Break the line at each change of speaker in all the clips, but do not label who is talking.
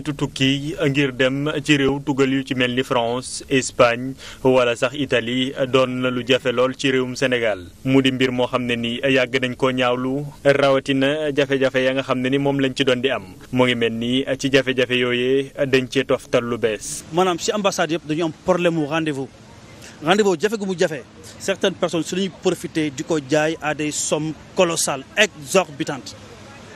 nitu tukki ngir dem ci réew tugal yu ci mel ni France Espagne wala sax itali doon na lu jafe lool ci réewum Sénégal mu di mbir moo xam ne ni yàgg nañ koo ñaawlu rawatina jafe-jafe ya nga xam ne ni moom lañ ci doon di am mu ngi mel nii ci jafe-jafe yooyee dañ cee toftal lu bees.
maanaam ci ambassade yëpp dañu am problème mu rendez-vous rendez-vous jafe gu mu jafe certaines personnes su ñuy profiter di ko jaay à des sommes colossales exorbitantes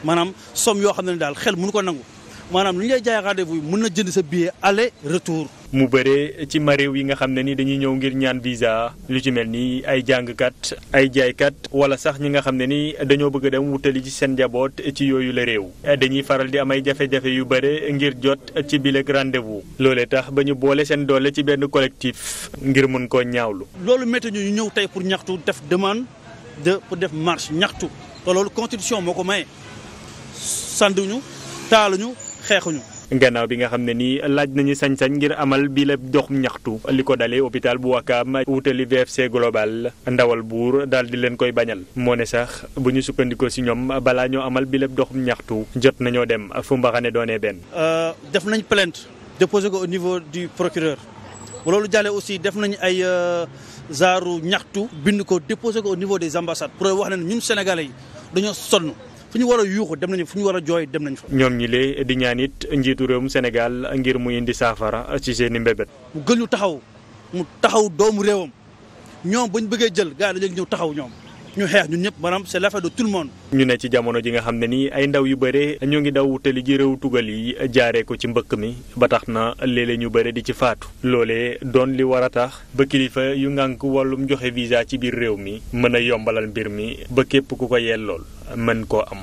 maanaam somme yoo xam ne daal ko nangu. maanaam lu ngay lay jaay rendez-vous mën na jënd sa biir aller retour. mu bëree ci ma réew yi nga xam ne ni dañuy ñëw ngir
ñaan visa lu ci mel ni ay jàngkat ay jaaykat wala sax ñi nga xam ne ni dañoo bëgg dem wutali ci seen njaboot ci yooyu la réew dañuy faral di am ay jafe-jafe yu bëre ngir jot ci bileeg rendez-vous loolee tax ba ñu boole seen doole ci benn collectif ngir mun koo
ñaaw lu loolu métti ñu ñëw tey pour ñaxtu def demande de pour def marche ñaxtu loolu constitution moo ko maye sanduñu taaluñu. xeexuñu.
gannaaw bi nga xam ne nii laaj nañu sañ-sañ ngir amal bi la dox ñaxtu li ko dalee hôpital bu Wakaam wutali VFC global ndawal buur daal di leen koy bañal moo ne sax bu ñu sukkandikoo si ñoom balaa ñoo amal bi la dox ñaxtu jot nañoo dem fu mbaxane doonee benn.
Euh, def nañ plainte déposé ko au niveau du procureur loolu jàllee aussi def nañ ay euh, zaaru ñaxtu bind ko déposé ko au niveau des ambassades pour wax ne ñun sénégalais yi dañoo sonn. fu ñu war a yuuxu dem nañu fu ñu war a jooy dem nañ fa.
ñoom ñi lee di ñaan it njiitu
réewum senegal ngir mu indi saafara ci seen i mbébét. mu gën ñu taxaw mu taxaw doomu réewam ñoom bu ñu bëggee jël gaa yi dañu ñëw taxaw ñoom. ñu xeex ñun ñëpp maanaam c'est l'affaire de tout le monde.
ñu ne ci jamono ji nga xam ne nii ay ndaw yu bëre ñoo
ngi daw wutali ji réew tugal yi jaaree
ko ci mbëkk mi ba tax na léeg ñu bëre di ci faatu. loole doon li war a tax ba kilifa yu ngànk wàllum joxe visa ci biir réew mi mën a yombalal mbir mi ba ku ko yellool. mën koo am.